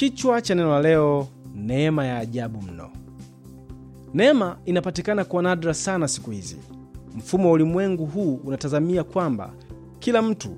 Kichwa cha neno la leo: neema ya ajabu mno. Neema inapatikana kwa nadra sana siku hizi. Mfumo wa ulimwengu huu unatazamia kwamba kila mtu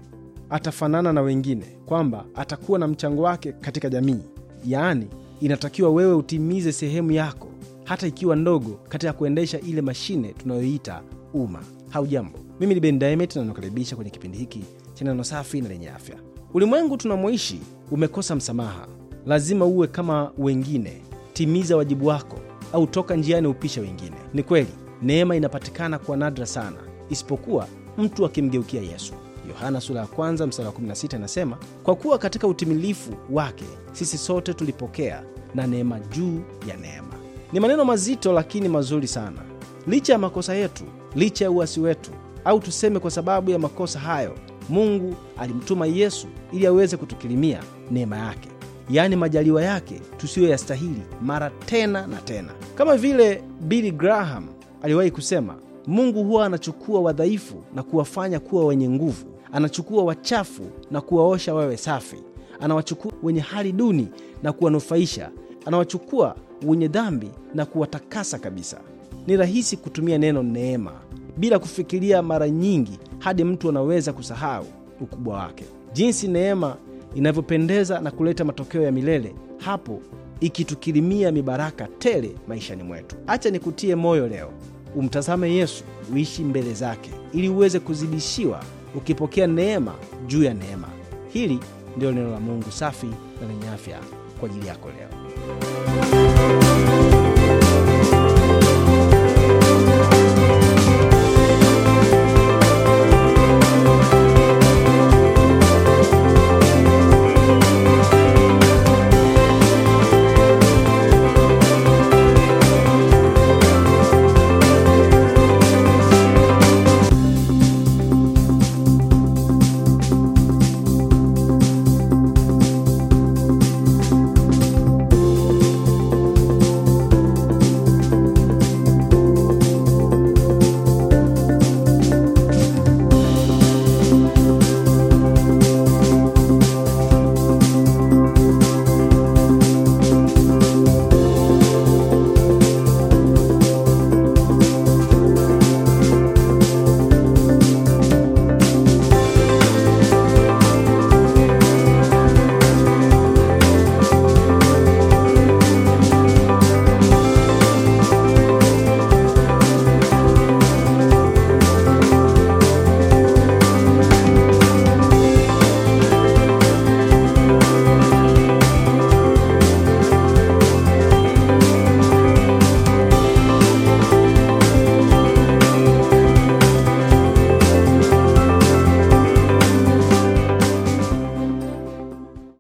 atafanana na wengine, kwamba atakuwa na mchango wake katika jamii. Yaani, inatakiwa wewe utimize sehemu yako, hata ikiwa ndogo, katika kuendesha ile mashine tunayoita umma. Haujambo, mimi ni Ben na nakaribisha kwenye kipindi hiki cha neno safi na lenye afya. Ulimwengu tunamoishi umekosa msamaha lazima uwe kama wengine, timiza wajibu wako, au toka njiani upisha wengine. Ni kweli neema inapatikana kwa nadra sana, isipokuwa mtu akimgeukia Yesu. Yohana sura ya kwanza mstari wa 16 inasema, kwa kuwa katika utimilifu wake sisi sote tulipokea na neema juu ya neema. Ni maneno mazito lakini mazuri sana. Licha ya makosa yetu, licha ya uasi wetu, au tuseme kwa sababu ya makosa hayo, Mungu alimtuma Yesu ili aweze kutukirimia neema yake yaani majaliwa yake tusiyo yastahili mara tena na tena. Kama vile Billy Graham aliwahi kusema, Mungu huwa anachukua wadhaifu na kuwafanya kuwa wenye nguvu, anachukua wachafu na kuwaosha wawe safi, anawachukua wenye hali duni na kuwanufaisha, anawachukua wenye dhambi na kuwatakasa kabisa. Ni rahisi kutumia neno neema bila kufikiria mara nyingi, hadi mtu anaweza kusahau ukubwa wake, jinsi neema inavyopendeza na kuleta matokeo ya milele hapo ikitukirimia mibaraka tele maishani mwetu. Acha nikutie moyo leo, umtazame Yesu, uishi mbele zake ili uweze kuzidishiwa, ukipokea neema juu ya neema. Hili ndilo neno la Mungu safi na lenye afya kwa ajili yako leo.